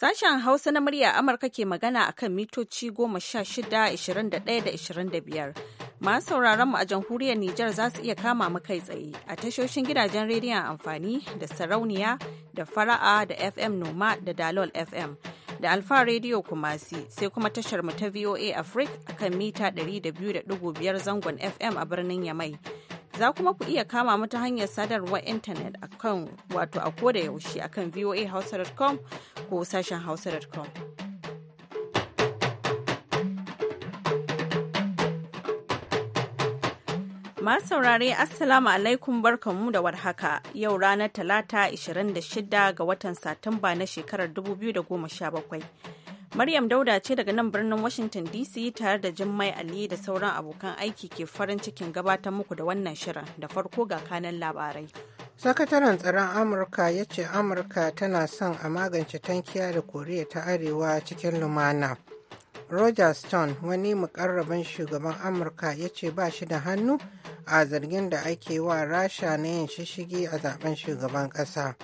Sashen Hausa na murya Amurka ke magana a kan mitoci 16, 21 da 25. Masu sauraron mu a jamhuriyar Nijar za su iya kama mu kai tsaye a tashoshin gidajen rediyon amfani da sarauniya da fara'a da FM Noma da Dalol FM da Alfa Radio Kumasi sai kuma tashar mu ta VOA Africa a kan mita 200.5 zangon FM a birnin Yamai. Za kuma ku iya kama mu ta hanyar sadarwar intanet a kan wato a koda yaushe a kan voahausa.com ko sashen hausa.com. Masu saurare Assalamu alaikum barkanmu da warhaka yau ranar Talata 26 ga watan Satumba na shekarar 2017. Maryam Dauda ce daga nan birnin Washington DC tare da Jummai Ali da sauran abokan aiki ke farin cikin gabatar muku da wannan shirin da farko ga kanan labarai. Sakataren tsaron Amurka ya ce Amurka tana son a magance tankiya da Koriya ta Arewa cikin lumana. Roger Stone wani mukarrabin shugaban Amurka ya ce ba shi da hannu a zargin da ake wa Rasha na yin shishigi a zaben shugaban ƙasa.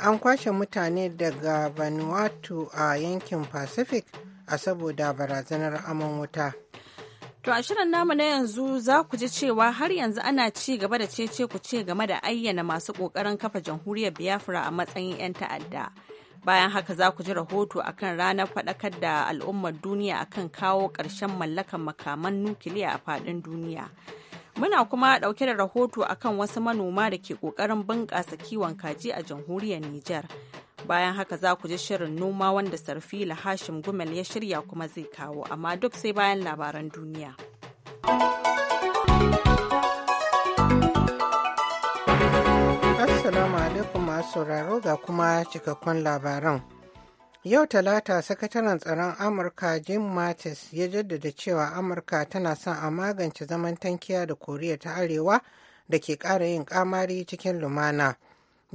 an kwashe mutane daga vanuatu a yankin pacific a saboda barazanar aman wuta To a shirin namu na yanzu za ku ji cewa har yanzu ana ci gaba da cece ku ce game da ayyana masu ƙoƙarin kafa jamhuriyar Biafra a matsayin 'yan ta'adda. Bayan haka za ku ji rahoto akan ranar faɗakar da al'ummar duniya akan kawo ƙarshen mallakan makaman nukiliya a faɗin duniya. Muna kuma ɗauke da rahoto a kan wasu manoma da ke ƙoƙarin bunƙasa kiwon kaji a jamhuriyar Nijar. Bayan haka za ku ji shirin noma wanda Sarfila Hashim Gumel ya shirya kuma zai kawo, amma duk sai bayan labaran duniya. Assalamu alaikum masu sauraro ga kuma cikakkun labaran. Yau Talata, Sakataren Tsaron Amurka Jim Mattis ya jaddada cewa Amurka tana son a magance zaman tankiya da Koriya ta Arewa da ke ƙara yin kamari cikin lumana.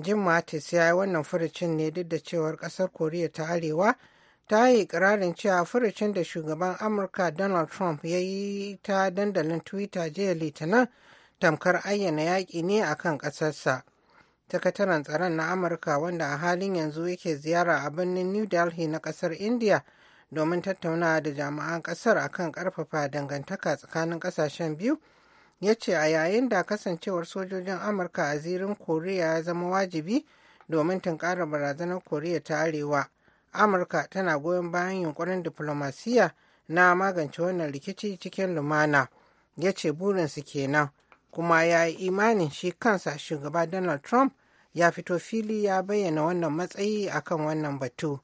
Jim Mattis ya yi wannan furucin ne duk da cewar ƙasar Koriya ta Arewa ta yi ikirarin cewa furucin da shugaban Amurka Donald Trump ya yi ta dandalin Twitter jiya Litinin tamkar ayyana yaƙi ne akan ƙasarsa. sakataren tsaron na amurka wanda a halin yanzu yake ziyara a birnin new delhi na kasar india domin tattaunawa da jami'an kasar kan karfafa dangantaka tsakanin kasashen biyu ya ce a yayin da kasancewar sojojin amurka a zirin koriya ya zama wajibi domin tunkarar barazanar koriya ta arewa amurka tana goyon bayan yunkurin diflomasiyya na magance wannan rikici cikin lumana ya ce burinsu kenan kuma ya yi imanin shi kansa shugaba donald trump ya fito fili ya bayyana wannan matsayi a kan wannan batu.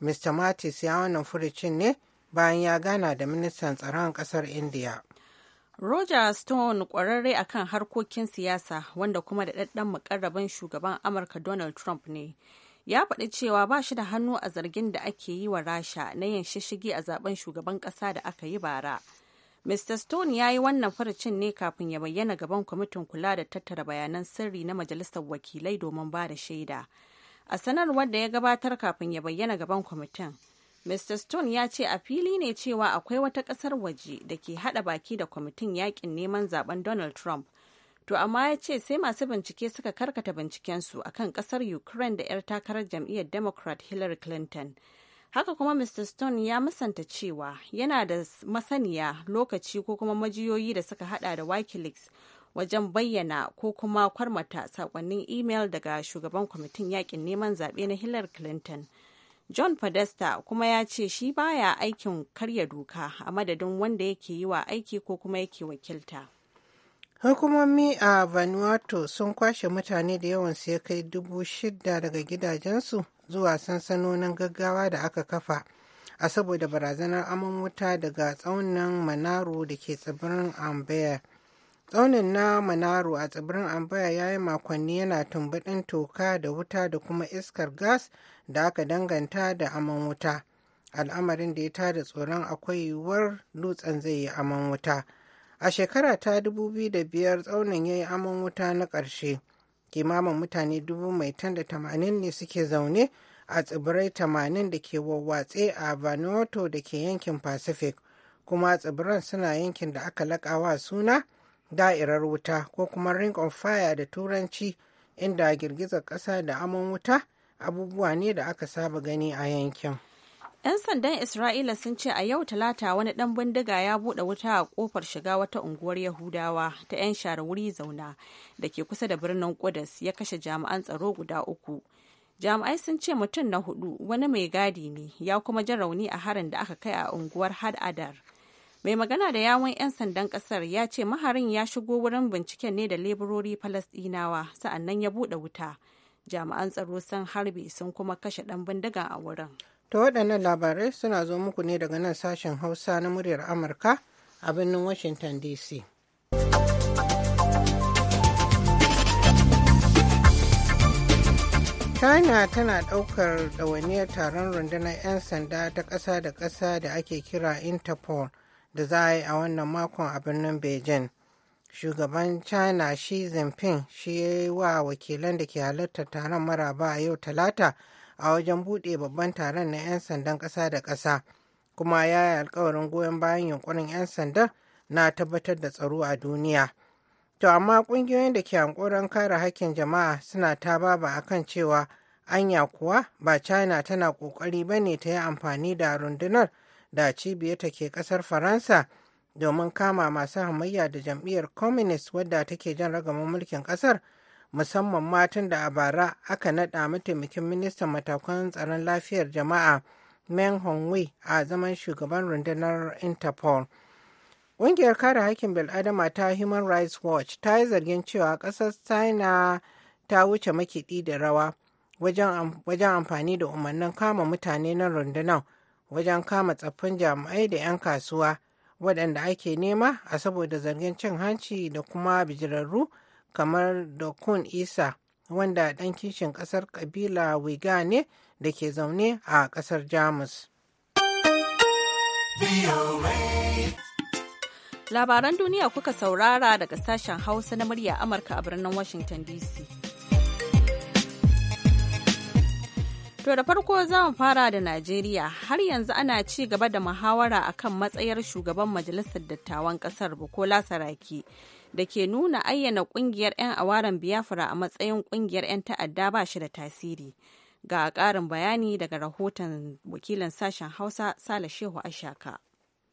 Mr. Mattis ya wannan furucin ne bayan ya gana da ministan tsaron kasar India. Roger Stone kwararre akan harkokin siyasa wanda kuma da ɗaɗɗan mukarrabin shugaban Amurka Donald Trump ne. Ya faɗi cewa ba shi da hannu a zargin da ake yi wa Rasha na yin shishigi a zaben shugaban ƙasa da aka yi bara. Mr. Stone ya yi wannan furucin ne kafin ya bayyana gaban kwamitin kula da tattara bayanan sirri na Majalisar Wakilai domin ba da shaida. A sanarwar da ya gabatar kafin ya bayyana gaban kwamitin, Mr. Stone ya ce a fili ne cewa akwai wata ƙasar waje da ke haɗa baki da kwamitin yakin neman zaben Donald Trump. To amma ya ce sai masu bincike suka karkata bincikensu akan ƙasar Ukraine da 'yar takarar jam'iyyar Democrat Hillary Clinton. haka kuma mr stone ya musanta cewa yana da masaniya lokaci ko kuma majiyoyi da suka hada da wikileaks wajen bayyana ko kuma kwarmata sakonnin email daga shugaban kwamitin yakin neman zaɓe na hillary clinton john podesta kuma ya ce shi baya aikin karya doka a madadin wanda yake yi wa aiki ko kuma yake wakilta Hukumomi a Vanuatu sun kwashe mutane da yawan ya kai dubu shida daga gidajensu zuwa sansanonin gaggawa da aka kafa a saboda barazanar aman wuta daga tsaunin Manaro da ke tsibirin Ambaya. Tsaunin na Manaro a tsibirin Ambaya ya yi makonni yana tumbudin toka da wuta da kuma iskar gas da aka danganta da aman wuta. Al'amarin da ya tada tsoron akwai yiwuwar dutsen zai yi aman wuta. A shekara ta 2005 tsaunin ya yi amon wuta na ƙarshe. Kimamin mutane dubu mai da tamanin ne suke zaune a tsibirai tamanin da ke wawwatse a Vanuatu da ke yankin Pacific, kuma tsibiran suna yankin da aka laƙawa suna da'irar wuta ko kuma ring of fire da turanci inda girgizar ƙasa da amon wuta abubuwa ne da aka saba gani a yankin. 'Yan sandan Isra'ila sun ce a yau talata wani ɗan bindiga ya buɗe wuta a kofar shiga wata unguwar Yahudawa ta 'yan share wuri zauna da ke kusa da birnin Kudus ya kashe jami'an tsaro guda uku. Jami'ai sun ce mutum na hudu wani mai gadi ne ya kuma ji rauni a harin da aka kai a unguwar Had Adar. Mai magana da yawon 'yan sandan kasar ya ce maharin ya shigo wurin binciken ne da leburori Falasɗinawa sa'annan ya buɗe wuta. Jami'an tsaro sun harbe sun kuma kashe ɗan bindiga a wurin. ta waɗannan labarai suna zo muku ne daga nan sashen hausa na muryar amurka a birnin washington dc china tana ɗaukar ɗawainiyar taron rundunar 'yan sanda ta ƙasa da ƙasa da ake kira interpol da za a yi a wannan makon a birnin beijing shugaban china shi jinping shi ya yi wa wakilan da ke halartar taron maraba a yau talata a wajen buɗe babban taron na 'yan sandan ƙasa da ƙasa kuma ya yi alkawarin goyon bayan yunkurin 'yan sanda na tabbatar da tsaro a duniya to amma ƙungiyoyin da ke hankoron kare hakkin jama'a suna ta a kan cewa anya kuwa ba china tana ƙoƙari ba ne ta yi amfani da rundunar da cibiyar ta ke ƙasar faransa domin kama masu hamayya da jam'iyyar communist wadda take jan ragaman mulkin ƙasar musamman matan da a bara aka naɗa mataimakin ministan matakan tsaron lafiyar jama'a Meng Hongwei a zaman shugaban rundunar Interpol. Ƙungiyar kare haƙƙin bil'adama ta Human Rights Watch ta yi zargin cewa ƙasar China ta wuce makiɗi da rawa wajen amfani da umarnin kama mutane na rundunar wajen kama tsaffin jami'ai da 'yan kasuwa waɗanda ake nema a saboda zargin cin hanci da kuma bijirarru kamar kun Isa wanda ɗan kishin ƙasar ƙabila Wiga ne da ke zaune a ƙasar Jamus. Labaran duniya kuka saurara daga sashen Hausa na murya Amurka a birnin Washington DC. To da farko za mu fara da Najeriya har yanzu ana ci gaba da muhawara akan matsayar shugaban majalisar dattawan kasar Bukola Saraki da ke nuna ayyana kungiyar 'yan awaren Biafra a matsayin kungiyar 'yan ta'adda ba shi da tasiri. Ga ƙarin bayani daga rahoton wakilin sashen Hausa Sale Shehu Ashaka.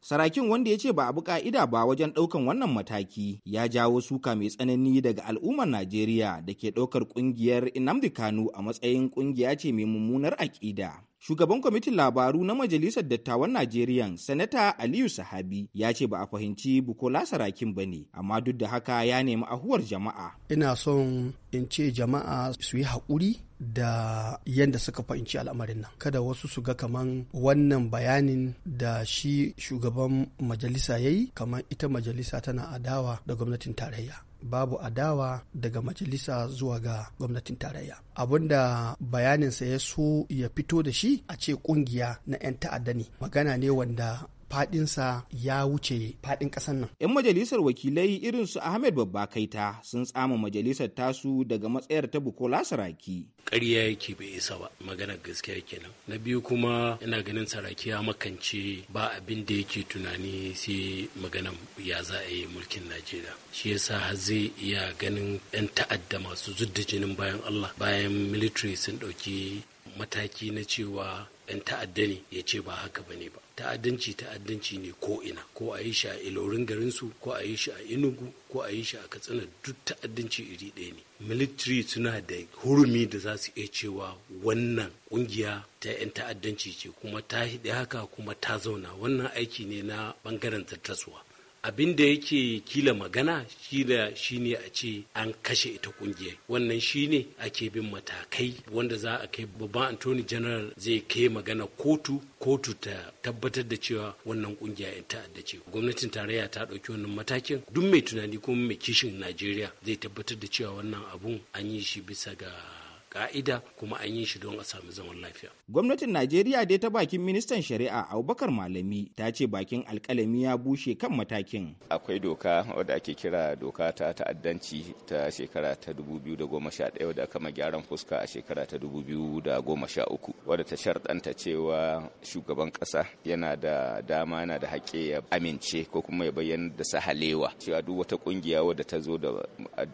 Sarakin wanda ya ce ba abu ka'ida ba wajen ɗaukan wannan mataki ya jawo suka mai tsanani daga al'ummar Najeriya da ke ɗaukar kungiyar inamdi Kanu a matsayin kungiya ce mai mummunar aƙida. Shugaban kwamitin labaru na Majalisar Dattawan Najeriya, Sanata Aliyu Sahabi, ya ce ba a fahimci Bukola Sarakin ba ne, amma duk da haka ya nemi ahuwar jama'a. Ina son in ce jama'a su yi haƙuri da yadda suka fahimci al'amarin nan kada wasu su ga kaman wannan bayanin da shi shugaban majalisa ya yi kaman ita majalisa tana adawa da gwamnatin tarayya babu adawa daga majalisa zuwa ga gwamnatin tarayya abinda bayaninsa ya so ya fito da shi a ce kungiya na 'yan ta'adda ne magana ne wanda fadinsa ya wuce fadin ƙasar nan. 'Yan majalisar wakilai irin su Ahmed Babba Kaita sun tsama majalisar tasu daga matsayar ta Bukola Saraki. Ƙarya yake bai isa ba maganar gaskiya kenan. Na biyu kuma ina ganin Saraki ya makance ba abin da yake tunani sai magana ya za a yi mulkin Najeriya. Shi yasa har zai iya ganin 'yan ta'adda masu zudda jinin bayan Allah bayan military sun ɗauki mataki na cewa ɗan ta'adda ne ya ce ba haka ba ne ba ta'addanci ta'addanci ne ko ina ko a yi shi a ilorin garinsu ko a yi shi a inugu ko a yi shi a katsina duk ta'addanci iri ɗaya ne military suna da hurumi da za su iya cewa wannan ƙungiya ta 'yan ta'addanci ce kuma ta haka kuma ta zauna wannan aiki ne na bangaren tattaswa abin da yake kila magana kila ne a ce an kashe ita kungiyar wannan shi shine ake bin matakai wanda za a kai babban antoni general zai kai magana kotu kotu ta tabbatar da cewa wannan kungiya yan ta'adda ce gwamnatin tarayya ta ɗauki wannan matakin duk mai tunani kuma mai kishin najeriya zai tabbatar da cewa wannan abun an yi shi bisa ga ka'ida kuma an yi shi don a sami zaman lafiya. Gwamnatin Najeriya dai ta bakin ministan shari'a Abubakar Malami ta ce bakin alkalami ya bushe kan matakin. Akwai doka wadda ake kira doka ta ta'addanci ta shekara ta 2011 wadda aka ma gyaran fuska a shekara ta 2013 wadda ta sharɗanta cewa shugaban ƙasa yana da dama na da haƙƙi ya amince ko kuma ya bayyana da sahalewa cewa duk wata ƙungiya wadda ta zo da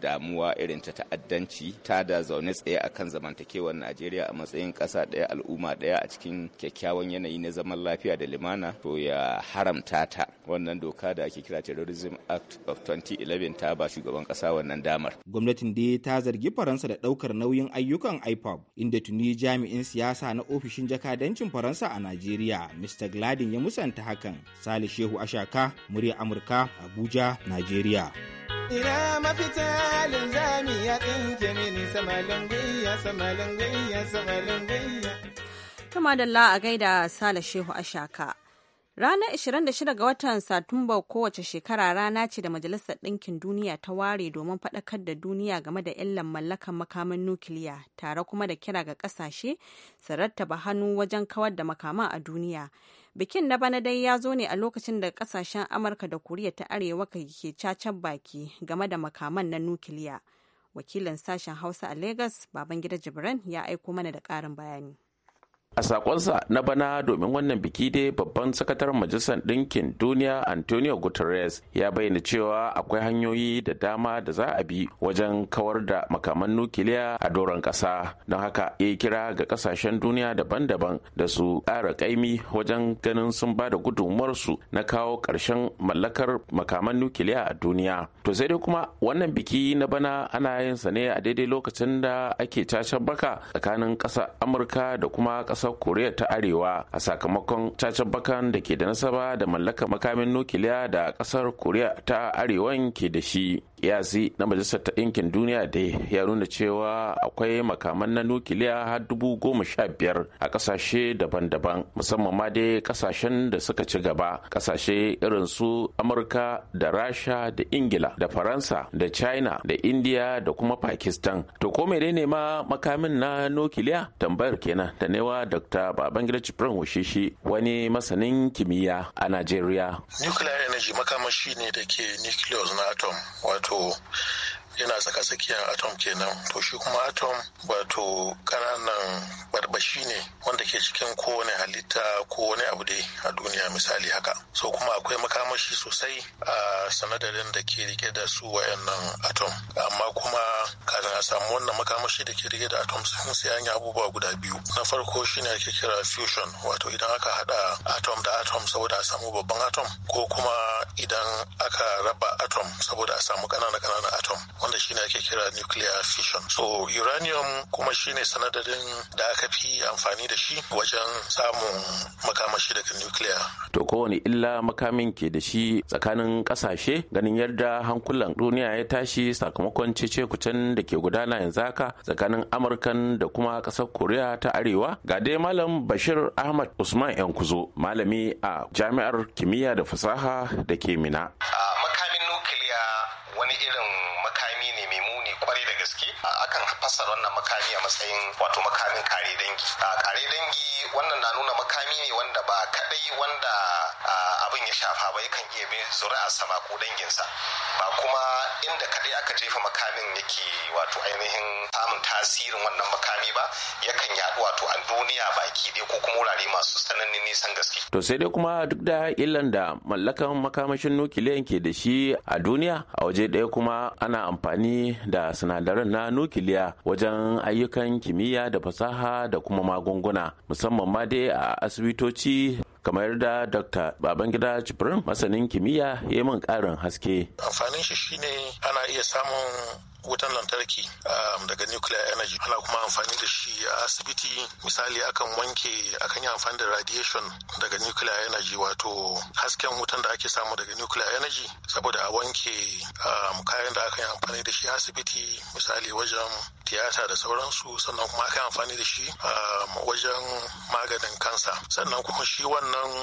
damuwa irin ta ta'addanci ta da zaune tsaye a kan zamantakewar Najeriya a matsayin ƙasa ɗaya al'umma ɗaya a cikin kyakkyawan yanayi na zaman lafiya da limana to ya haramta ta wannan doka da ake kira Terrorism Act of 2011 ta ba shugaban ƙasa wannan damar. Gwamnatin dai ta zargi Faransa da ɗaukar nauyin ayyukan IPOB inda tuni jami'in siyasa na ofishin jakadancin Faransa a Najeriya Mr. Gladin ya musanta hakan. sali Shehu Ashaka, murya Amurka, Abuja, Najeriya. Ina mafita linzami ya tsinke mini samalin Sama samalin Sama samalin gwiya. Tuma la a gaida Sale Shehu Ashaka. Ranar 26 ga watan Satumba kowace shekara rana ce da Majalisar Ɗinkin Duniya ta ware domin faɗakar da duniya game da illan mallakan makaman nukiliya, tare kuma da kira ga ƙasashe su rattaba hannu wajen kawar da makaman a duniya. Bikin na bana dai ya zo ne a lokacin da kasashen Amurka da Koriya ta Arewa ke cacen baki game da makaman na nukiliya. Wakilin sashen Hausa a Legas, Babangida Jibran, ya aiko mana da karin bayani. a sakonsa na bana domin wannan biki dai babban sakataren majalisar ɗinkin duniya antonio guterres ya bayyana cewa akwai hanyoyi da dama da za a bi wajen kawar da makaman nukiliya a doron ƙasa don haka ya kira ga ƙasashen duniya daban-daban da su ƙara ƙaimi wajen ganin sun ba da gudunmuwarsu na kawo ƙarshen mallakar makaman nukiliya a duniya to sai dai kuma wannan biki na bana ana yin sa ne a daidai lokacin da ake cacen baka tsakanin ƙasa amurka da kuma ƙasa. ƙasar koriya ta arewa a sakamakon cacabakan da ke da nasaba da mallakar makamin nukiliya da kasar korea ta arewan ke da shi kiyasi na majalisar ta ɗinkin duniya da ya nuna cewa akwai makaman na nukiliya har dubu goma sha biyar a ƙasashe daban-daban musamman ma dai ƙasashen da suka ci gaba ƙasashe irin su amurka da rasha da ingila da faransa da china da indiya da kuma pakistan to ko ne ma makamin na nukiliya tambayar kenan da newa dr babangida cipran hushishi wani masanin kimiyya a najeriya nuclear energy makamashi ne da ke nucleus atom tool yana saka tsakiyar atom kenan to shi kuma atom wato kananan barbashi ne wanda ke cikin kowane halitta ko wani abu dai a duniya misali haka so kuma akwai makamashi sosai a sanadarin da ke rike da su wayannan atom amma kuma kafin a samu wannan makamashi da ke rike da atom sun sai an yi abubuwa guda biyu na farko shine ake kira fusion wato idan aka hada atom da atom saboda a samu babban atom ko kuma idan aka raba atom saboda a samu kanana-kananan atom wanda shine ake kira nuclear fission so uranium kuma shine sanadarin da aka fi amfani da shi wajen samun makamashi daga nuclear to kowane illa makamin ke da shi tsakanin kasashe ganin yadda hankulan duniya ya tashi sakamakon cece kucen da ke gudana yanzu haka tsakanin amurkan da kuma kasar korea ta arewa ga dai malam bashir ahmad usman kuzo malami a jami'ar kimiyya da fasaha da ke mina makamin nukiliya wani irin makami ne mai muni gaske akan fassara wannan makami a matsayin wato makamin kare dangi kare dangi wannan na nuna makami ne wanda ba kadai wanda abin ya shafa ba yakan iya bin zuri'a sama ko danginsa ba kuma inda kadai aka jefa makamin yake wato ainihin samun tasirin wannan makami ba yakan yaɗu wato a duniya baki ɗaya ko kuma wurare masu tsananin nisan gaske to sai dai kuma duk da illan da mallakan makamashin nukiliyan ke da shi a duniya a waje ɗaya kuma ana amfani da sinadarai. taron na nukiliya wajen ayyukan kimiyya da fasaha da kuma magunguna musamman ma dai a asibitoci kamar da dr babangida jibrin masanin kimiyya ya min karin haske amfanin shi shine ana iya samun Wutan lantarki um, daga nuclear energy ana kuma amfani da shi a asibiti misali akan wanke akan yi amfani da radiation daga nuclear energy wato hasken wutan da ake samu daga nuclear energy saboda a wanke um, kayan da aka yi amfani da shi a asibiti misali wajen tiyata da sauransu sannan kuma aka yi amfani da shi um, wajen maganin kansa sannan kuma shi wannan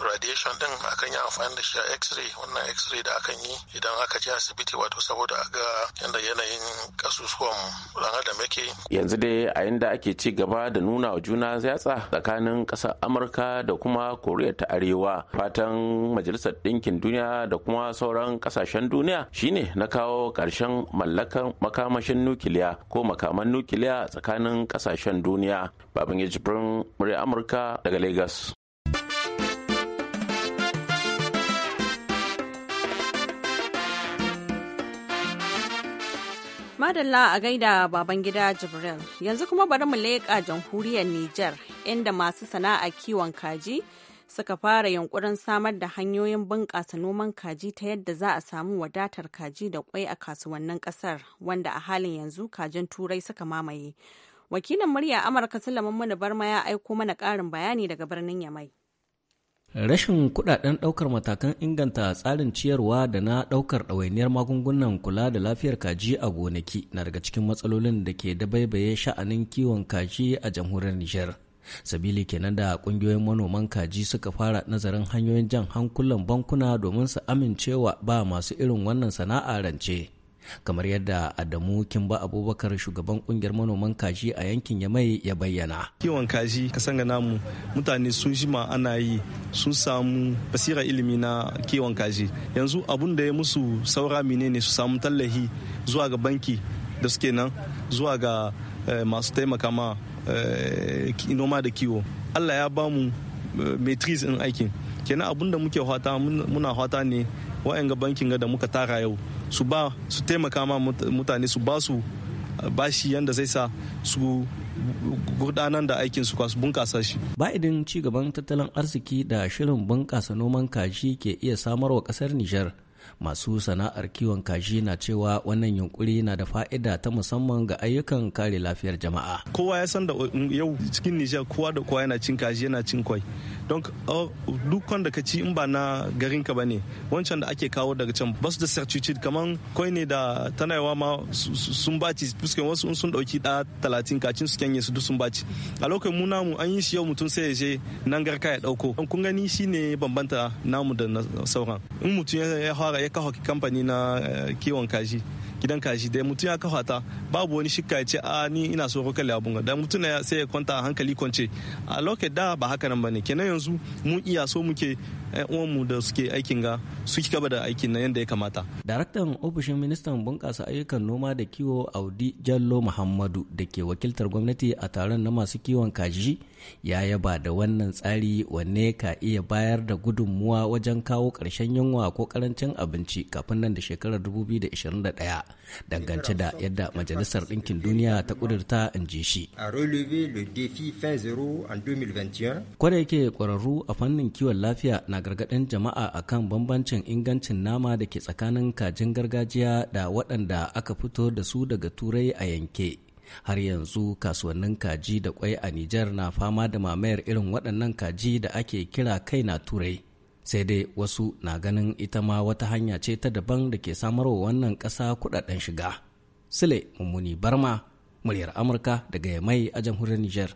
radiation din akan yi amfani da shi a x-ray wannan x-ray da akan yi idan aka je asibiti wato saboda a ga yadda yanayin kasusuwan ranar da yake yanzu dai a yanda ake ci gaba da nuna wa juna yatsa tsakanin ƙasar amurka da kuma koriya ta arewa fatan majalisar ɗinkin duniya da kuma sauran ƙasashen duniya shine na kawo ƙarshen mallakan makamashin nukiliya ko makaman nukiliya tsakanin kasashen duniya babin yajibin murya amurka daga lagos Madalla a gaida baban gida Jibril. Yanzu kuma bari mu leƙa jamhuriyar Nijar inda masu sana'a kiwon kaji suka fara yunkurin samar da hanyoyin bunƙasa noman kaji ta yadda za a samu wadatar kaji da kwai a kasuwannin ƙasar wanda a halin yanzu kajin turai suka mamaye. Wakilin murya Amurka Sulaiman Muni Barma ya aiko mana ƙarin bayani daga birnin Yamai. Rashin kudaden daukar matakan inganta tsarin ciyarwa da na daukar ɗawainiyar magungunan kula da lafiyar kaji a gonaki na daga cikin matsalolin da ke da dabaibaye sha'anin kiwon kaji a jamhuriyar Nijar. Sabili kenan da kungiyoyin manoman kaji suka fara nazarin hanyoyin jan hankulan bankuna domin su amincewa ba masu irin wannan sana'a rance. kamar yadda adamu kimba abubakar shugaban kungiyar manoman kaji a yankin yamai ya bayyana kiwon kaji ka sanga namu mutane sun jima ana yi sun samu basira ilimi na kiwon kaji yanzu abun da ya musu saura menene su samu tallahi zuwa ga banki da suke nan zuwa ga eh, masu taimaka ma eh, noma da kiwo allah ya ba mu eh, matrix in aikin kenan abun da muke hwata muna hwata ne wa'yan ga bankin ga da muka tara yau su ba su taimaka ma mutane su ba su bashi yadda zai sa su gudanar da aikin su kwasu bunkasa shi. idan ci gaban tattalin arziki da shirin bunkasa noman kaji ke iya samarwa kasar Nijar masu sana'ar kiwon kaji na cewa wannan yunkuri na da fa'ida ta musamman ga ayyukan kare lafiyar jama'a kowa ya san da um, yau cikin nijar kowa da kowa yana cin kaji yana cin kwai don oh, dukkan da ka ci in ba na garin ka bane wancan da ake kawo daga can ba su da certitude kaman kwai ne da tanayawa ma sun baci fuskan wasu in sun dauki da talatin kacin su kenye su duk sun baci a lokacin mu namu an yi shi yau mutum sai ya je nan garka ya dauko kun gani ne bambanta namu da sauran in mutum ya fara shekara ya kafa kamfani na eh, kiwon kaji gidan kaji da mutum ya kafa ta babu wani shikka ya ce a ni ina so kokar labun da mutum sai ya kwanta hankali kwance a lokacin da ba haka nan ne kenan yanzu mu iya so muke uwanmu da suke aikin ga su gaba da aikin na yadda ya kamata. Daraktan ofishin ministan bunƙasa ayyukan noma da kiwo Audi Jallo Muhammadu da ke wakiltar gwamnati a taron na masu kiwon kaji ya yaba da wannan tsari wanne ka iya bayar da gudunmuwa wajen kawo ƙarshen yunwa ko ƙarancin abinci kafin nan da shekarar 2021 dangance da yadda majalisar ɗinkin duniya ta ƙudurta in ji shi. Kwada yake ƙwararru a fannin kiwon lafiya na na gargaɗin jama'a akan bambancin ingancin nama da ke tsakanin kajin gargajiya da waɗanda aka fito da su daga turai a yanke har yanzu kasuwannin kaji da kwai a Nijar na fama da mamayar irin waɗannan kaji da ake kira kai na turai sai dai wasu na ganin ita ma wata hanya ce ta daban da ke samarwa wannan ƙasa kuɗaɗen shiga sile mummuni barma muryar amurka daga yamai a jamhuriyar Nijar.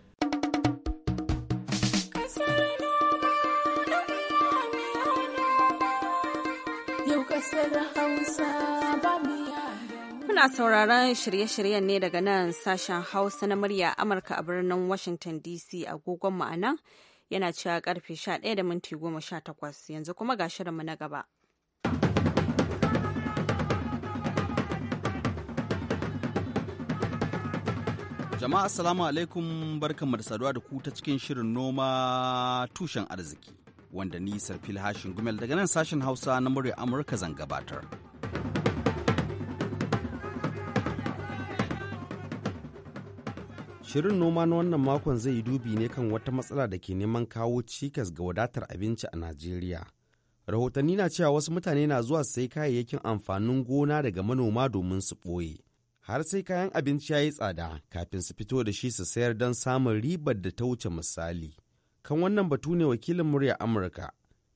Kuna sauraron shirye-shiryen ne daga nan sashen Hausa na murya Amurka a birnin Washington DC agogon ma'ana yana cewa karfe 11 da minti 18 yanzu kuma ga shirinmu na gaba. Jama'a assalamu alaikum barkanmu da saduwa da ku ta cikin shirin noma tushen arziki wanda ni Sarfil Hashin Gumel daga nan sashen Hausa na murya Amurka zan gabatar. Shirin noma na wannan makon zai yi dubi ne kan wata matsala da ke neman kawo cikas ga wadatar abinci a Najeriya. Rahotanni na cewa wasu mutane na zuwa sai kayayyakin amfanin gona daga manoma domin su ɓoye. Har sai kayan abinci ya yi tsada kafin su fito da shi su sayar don samun ribar da ta wuce misali. Kan wannan batu ne wakilin murya Amurka,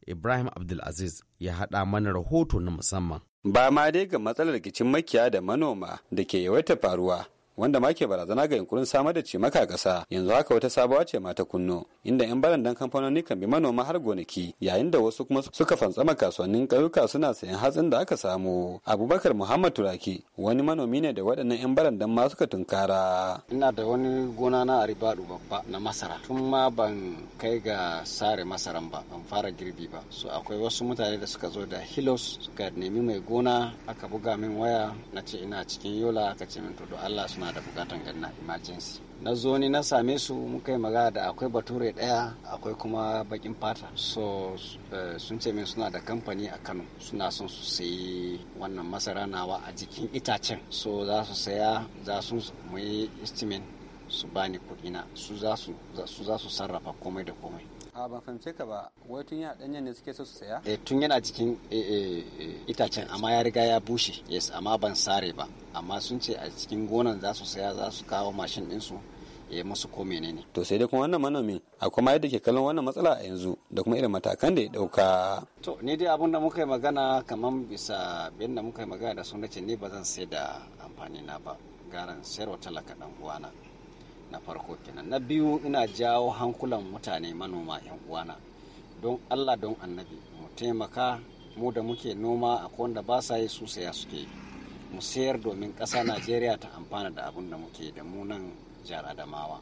Ibrahim Abdulaziz, ya haɗa mana rahoto na musamman. Ba ma dai ga matsalar rikicin makiya da manoma da ke yawaita faruwa wanda ma ke barazana ga yunkurin samar da cimaka ƙasa yanzu haka wata sabuwa ce mata ta kunno inda 'yan barandan kamfanoni kan bi manoma har gonaki yayin da wasu kuma suka fantsama kasuwannin ƙauyuka suna sayan hatsin da aka samu abubakar muhammad turaki wani manomi ne da waɗannan 'yan barandan ma suka tunkara ina da wani gona na aribadu babba na masara tun ma ban kai ga sare masaran ba ban fara girbi ba so akwai wasu mutane da suka zo da hilos suka nemi mai gona aka buga min waya na ce ina cikin yola aka ce min to Allah suna suna da bukatan emergency na zo ni na same su muka yi magana da akwai bature daya akwai kuma bakin fata so eh, sun ce min suna da kamfani a kano suna son su sayi wannan masara nawa a jikin itacen so za su saya za su mu yi su bani kudina su za su sarrafa komai da komai a ban fahimce ka ba wai tun yana ɗanyen ne suke so su saya eh tun yana cikin eh, eh, eh, itacen amma ya riga ya bushe yes amma ban sare ba amma sun ce a cikin gonan za su saya za su kawo mashin ɗinsu su ya musu ko menene to sai dai kuma wannan manomi a kuma yadda ke kallon wannan matsala a yanzu da kuma irin matakan da ya ɗauka. to ni dai abun da muka yi magana kamar bisa biyan da muka yi magana da sun ce ni ba zan sai da amfani na ba garan sayarwa talaka dan uwana na farko kenan na biyu ina jawo hankulan mutane manoma yan uwana don allah don annabi mu taimaka mu da muke noma a wanda ba sa yi su saya suke yi mu sayar domin ƙasa najeriya ta amfana da abin da muke da mu nan jihar adamawa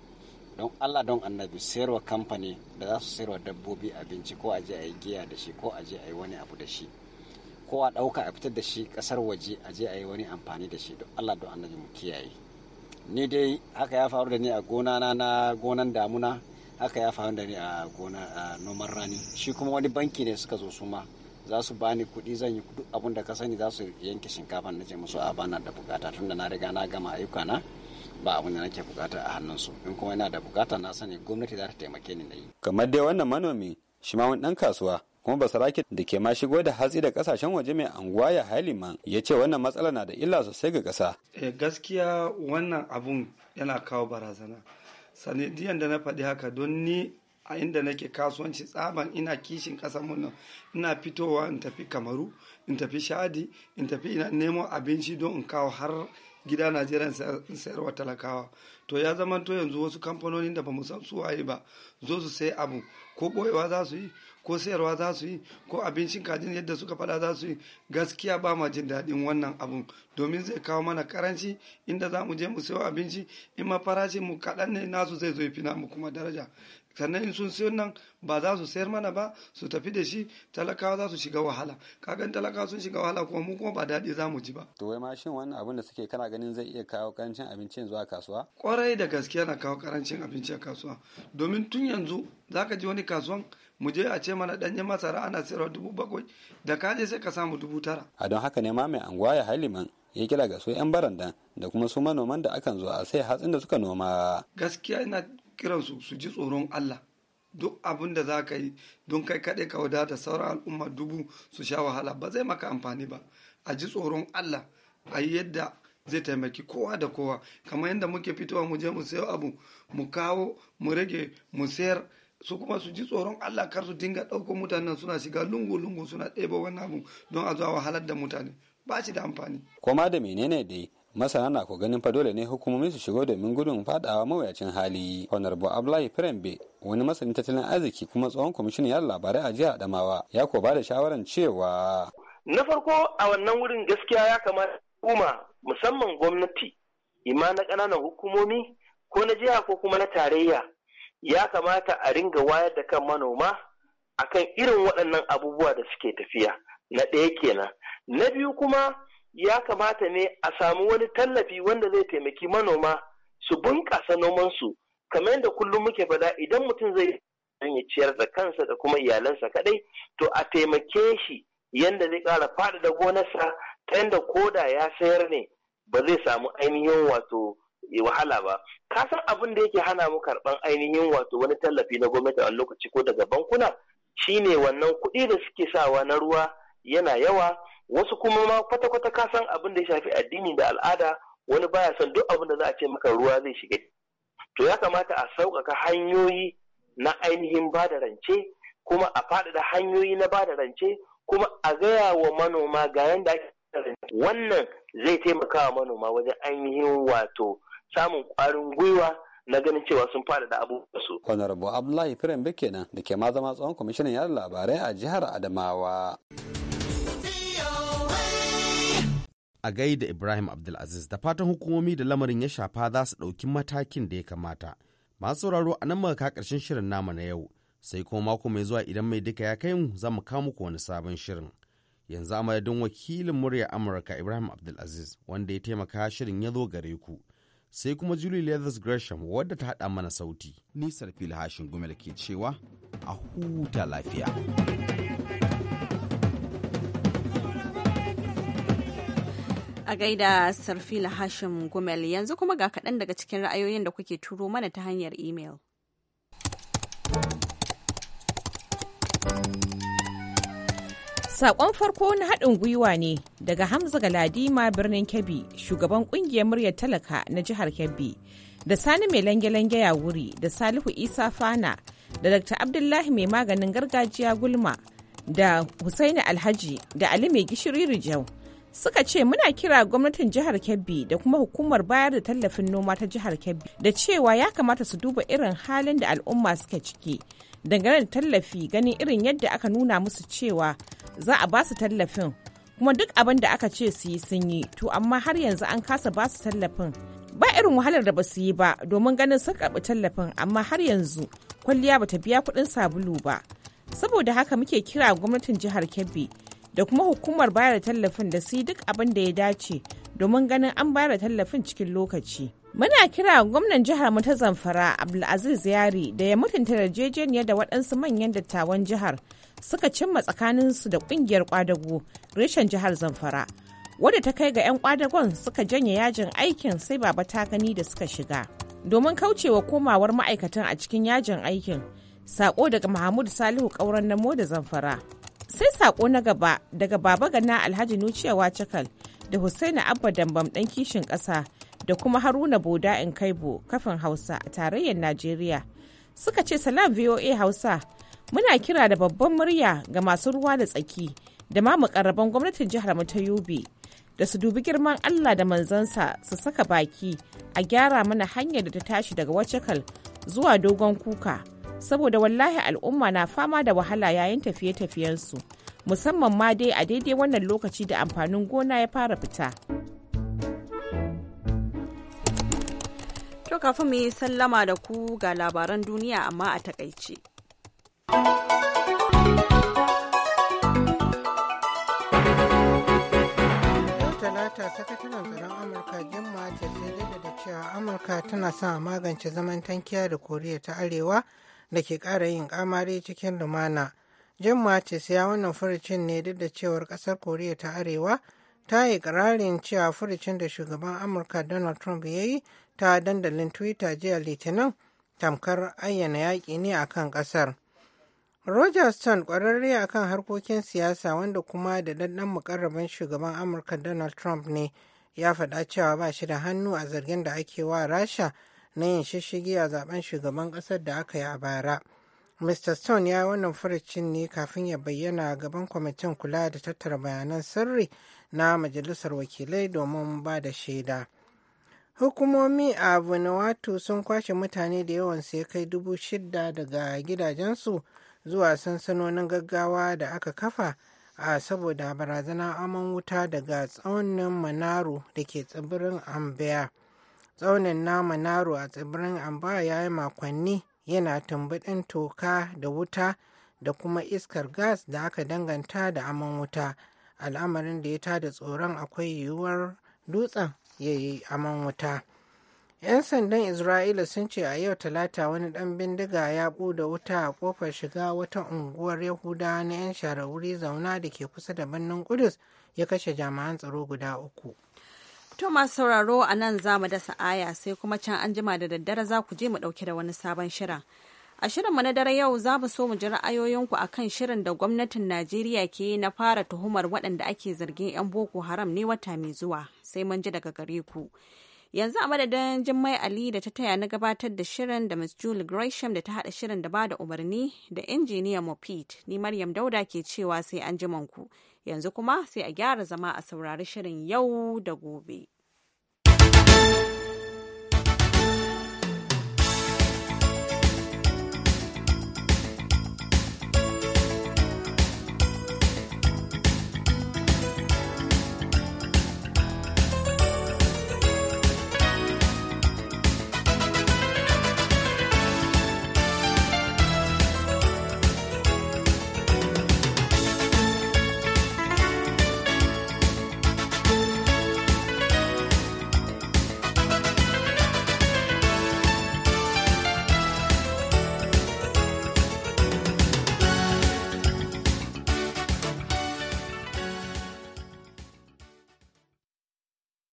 don allah don annabi sayarwa kamfani da za su sayarwa dabbobi abinci ko aje a yi giya da shi ko aje a yi wani abu da shi ko a ɗauka a fitar da shi ƙasar waje aje a yi wani amfani da shi don allah don annabi mu kiyaye ni dai haka ya faru da ni a gona na na gonan damuna haka ya faru da ni a gona a noman rani shi kuma wani banki ne suka zo suma za su bani kuɗi zan yi duk abin da ka sani za su yanke shinkafa na ce musu a bana da bukata tunda na riga na gama ayyuka na ba abin da nake bukata a hannunsu in kuma yana da bukata na sani gwamnati za ta taimake ni na yi kamar dai wannan manomi shi ma wani ɗan kasuwa kuma ba sarake da ke ma shigo da hatsi da kasashen waje mai anguwa ya halima ya ce wannan matsala na da illa sosai ga kasa eh, gaskiya wannan abun yana kawo barazana sanadiyan da na faɗi haka don ni a inda nake kasuwanci tsaban ina kishin ƙasar mu ina fitowa in tafi kamaru in tafi shadi in tafi ina nemo abinci don in kawo har gida najeriya in sayarwa talakawa to ya zama to yanzu wasu kamfanonin da ba mu san su waye ba zo su sai abu ko boyewa za su yi ko sayarwa za su yi ko abincin kajin yadda suka fada za su yi gaskiya ba ma jin daɗin wannan abun domin zai kawo mana karanci inda za mu je mu sayo abinci in ma farashi mu kaɗan ne nasu zai zo ya fi namu kuma daraja sannan in sun siyo nan ba za su sayar mana ba su tafi da shi talakawa za su shiga wahala kagan talakawa sun shiga wahala kuma mu kuma ba daɗi za mu ji ba. to wai ma shin wannan abin da suke kana ganin zai iya kawo karancin abinci zuwa kasuwa. kwarai da gaskiya na kawo karancin abinci a kasuwa domin tun yanzu zaka ji wani kasuwan mu je a ce mana danyen masara ana sayarwa dubu bakwai da kaje sai ka samu dubu tara. a don haka ne ma mai anguwa ya haliman ya kira ga su 'yan barandan da kuma su manoman da akan zo a sai hatsin da suka noma. gaskiya ina kiran su su ji tsoron allah duk abin da za ka yi don kai kaɗai ka wadata sauran al'umma dubu su sha wahala ba zai maka amfani ba a ji tsoron allah a yi yadda zai taimaki kowa da kowa kamar yadda muke fitowa mu je mu sayo abu mu kawo mu rage mu sayar su kuma su ji tsoron Allah kar su dinga ɗauko mutanen suna shiga lungu-lungu suna ɗebo wani abu don a zuwa wahalar da mutane ba shi da amfani. Koma da menene dai masana na ko ganin fa dole ne hukumomi su shigo domin gudun fadawa mawuyacin hali honorable abdullahi firambe wani masanin tattalin arziki kuma tsohon kwamishin yar labarai a jiya adamawa ya ko ba da shawaran cewa na farko a wannan wurin gaskiya ya kamata kuma musamman gwamnati ima na ƙananan hukumomi ko na jiha ko kuma na tarayya ya kamata a ringa wayar da kan manoma akan irin waɗannan abubuwa da suke tafiya na ɗaya kenan na biyu kuma ya kamata ne a samu wani tallafi wanda zai taimaki manoma su bunƙasa nomansu kamar yadda kullum muke fada idan mutum zai ya ciyar da kansa da kuma iyalansa kaɗai to a taimake shi yadda zai ƙara faɗaɗa gonarsa ta yadda koda ya sayar ne ba zai samu ainihin wato wahala ba ka san abin da yake hana mu karban ainihin wato wani tallafi na gwamnati a lokaci ko daga bankuna shine wannan kuɗi da suke sawa na ruwa yana yawa wasu kuma ma kwata-kwata ka san abin da ya shafi addini da al'ada wani baya son duk abin da za a ce maka ruwa zai shiga to ya kamata a sauƙaƙa hanyoyi na ainihin ba da rance kuma a faɗaɗa hanyoyi na ba da rance kuma a gaya wa manoma ga yanda ake wannan zai taimaka wa manoma wajen ainihin wato samun kwarin gwiwa na ganin cewa sun fara da abubuwa su. Honorable Abdullahi Firenbe kenan da ke ma zama tsohon kwamishinan yada labarai a jihar Adamawa. A gaida Ibrahim Abdulaziz da fatan hukumomi da lamarin ya shafa za su ɗauki matakin da ya kamata. Masu sauraro a nan muka ƙarshen shirin nama na yau. Sai kuma mako mai zuwa idan mai duka ya kai mu za mu kawo muku wani sabon shirin. Yanzu a madadin wakilin murya Amurka Ibrahim Abdulaziz wanda ya taimaka shirin ya zo gare ku. sai kuma Julie Leathers Gresham wadda ta haɗa mana sauti. Nisar fili hashin gumel ke cewa a huta lafiya. A gaida Sarfila Hashim Gumel yanzu kuma ga kaɗan daga cikin ra'ayoyin da kuke turo mana ta hanyar imel. Sakon farko na haɗin gwiwa ne daga Hamza Galadima birnin Kebbi, shugaban ƙungiyar muryar talaka na jihar Kebbi, da Sani mai lange-lange ya wuri, da Salihu Isa Fana, da Dr. Abdullahi mai maganin gargajiya Gulma, da Husaini Alhaji, da Ali mai gishiri Rijau. suka ce muna kira gwamnatin jihar kebbi da kuma hukumar bayar da tallafin noma ta jihar kebbi da cewa ya kamata su duba irin halin da al'umma suke ciki dangane da tallafi ganin irin yadda aka nuna musu cewa za a ba su tallafin kuma duk abin da aka ce su yi sun yi to amma har yanzu an kasa ba su tallafin ba irin wahalar da ba su yi ba domin ganin sun karɓi tallafin amma har yanzu kwalliya bata biya kuɗin sabulu ba saboda haka muke kira gwamnatin jihar kebbi da kuma hukumar bayar da tallafin da su yi duk abin da ya dace domin ganin an bayar da tallafin cikin lokaci. Muna kira gwamnan jihar mu ta Zamfara Abdulaziz Yari da ya mutunta yarjejeniya da waɗansu manyan dattawan jihar suka cimma tsakaninsu da ƙungiyar kwadago reshen jihar Zamfara. Wadda ta kai ga 'yan kwadagon suka janye yajin aikin sai baba ta gani da suka shiga. Domin kaucewa komawar ma'aikatan a cikin yajin aikin, saƙo daga Mahmud Salihu ƙauren namo da Zamfara. Sai saƙo na gaba daga Baba Gana Alhaji Nuciyawa Cakal da Hussaini Abba Dambam ɗan kishin ƙasa da kuma haruna boda in kaibo kafin hausa a tarayyar najeriya suka ce salam voa hausa muna kira da babban murya ga masu ruwa da tsaki da ma mukarraban gwamnatin jihar mu ta yobe da su dubi girman allah da manzansa su saka baki a gyara mana hanyar da ta tashi daga wacekal zuwa dogon kuka saboda wallahi al'umma na fama da wahala yayin tafiye-tafiyensu musamman ma dai a daidai wannan lokaci da amfanin gona ya fara fita. To kafin mu yi sallama da ku ga labaran duniya amma a takaice. talata sakataren tsaron amurka jim mattis ya da cewa amurka tana son a magance zaman tankiya da koriya ta arewa da ke ƙara yin kamari cikin lumana jim mattis ya wannan furucin ne duk da cewar ƙasar koriya ta arewa ta yi ƙirarin cewa furucin da shugaban amurka donald trump ya yi ta dandalin twitter jiya litinin tamkar ayyana yaƙi ne a kan ƙasar roger stone ƙwararre a kan harkokin siyasa wanda kuma da ɗanɗan mukarrabin shugaban amurka donald trump ne ya faɗa cewa ba shi da hannu a zargin da ake wa rasha na yin shishigi a zaben shugaban ƙasar da aka yi a bara mr stone ya yi wannan furucin ne kafin ya bayyana gaban kwamitin kula da tattara bayanan sirri na majalisar wakilai domin ba da shaida. Hukumomi a Vanuatu sun kwashe mutane da yawan sai kai dubu shida daga gidajensu zuwa sansanonin gaggawa da aka kafa a saboda barazanar aman wuta daga tsaunin manaru da ke tsibirin Ambaya. Tsaunin na Manaro a tsibirin Ambaya ya yi makonni yana tumbuɗin toka da wuta da kuma iskar gas da aka danganta da aman wuta. Al'amarin da ya tada tsoron akwai yiwuwar dutsen ya yi aman wuta 'yan sandan isra'ila sun ce a yau talata wani ɗan bindiga ya buɗe wuta a ƙofar shiga wata unguwar yahuda na 'yan share wuri zauna da ke kusa da birnin kudus ya kashe jama'an tsaro guda uku To masu sauraro a nan za mu dasa aya sai kuma can an jima da daddare za ku je mu ɗauke da wani sabon shirin. A shirinmu na dare yau za mu so mu ji ra'ayoyinku a kan shirin da gwamnatin Najeriya ke na fara tuhumar waɗanda ake zargin 'yan Boko Haram ne wata mai zuwa sai mun ji daga gare ku. Yanzu a madadin Jummai Ali da ta taya na gabatar da shirin da ms Julie Gresham da ta haɗa shirin da bada umarni da injiniya Mopit ni Maryam Dauda ke cewa sai an ku. Yanzu kuma sai a gyara zama a saurari shirin yau da gobe.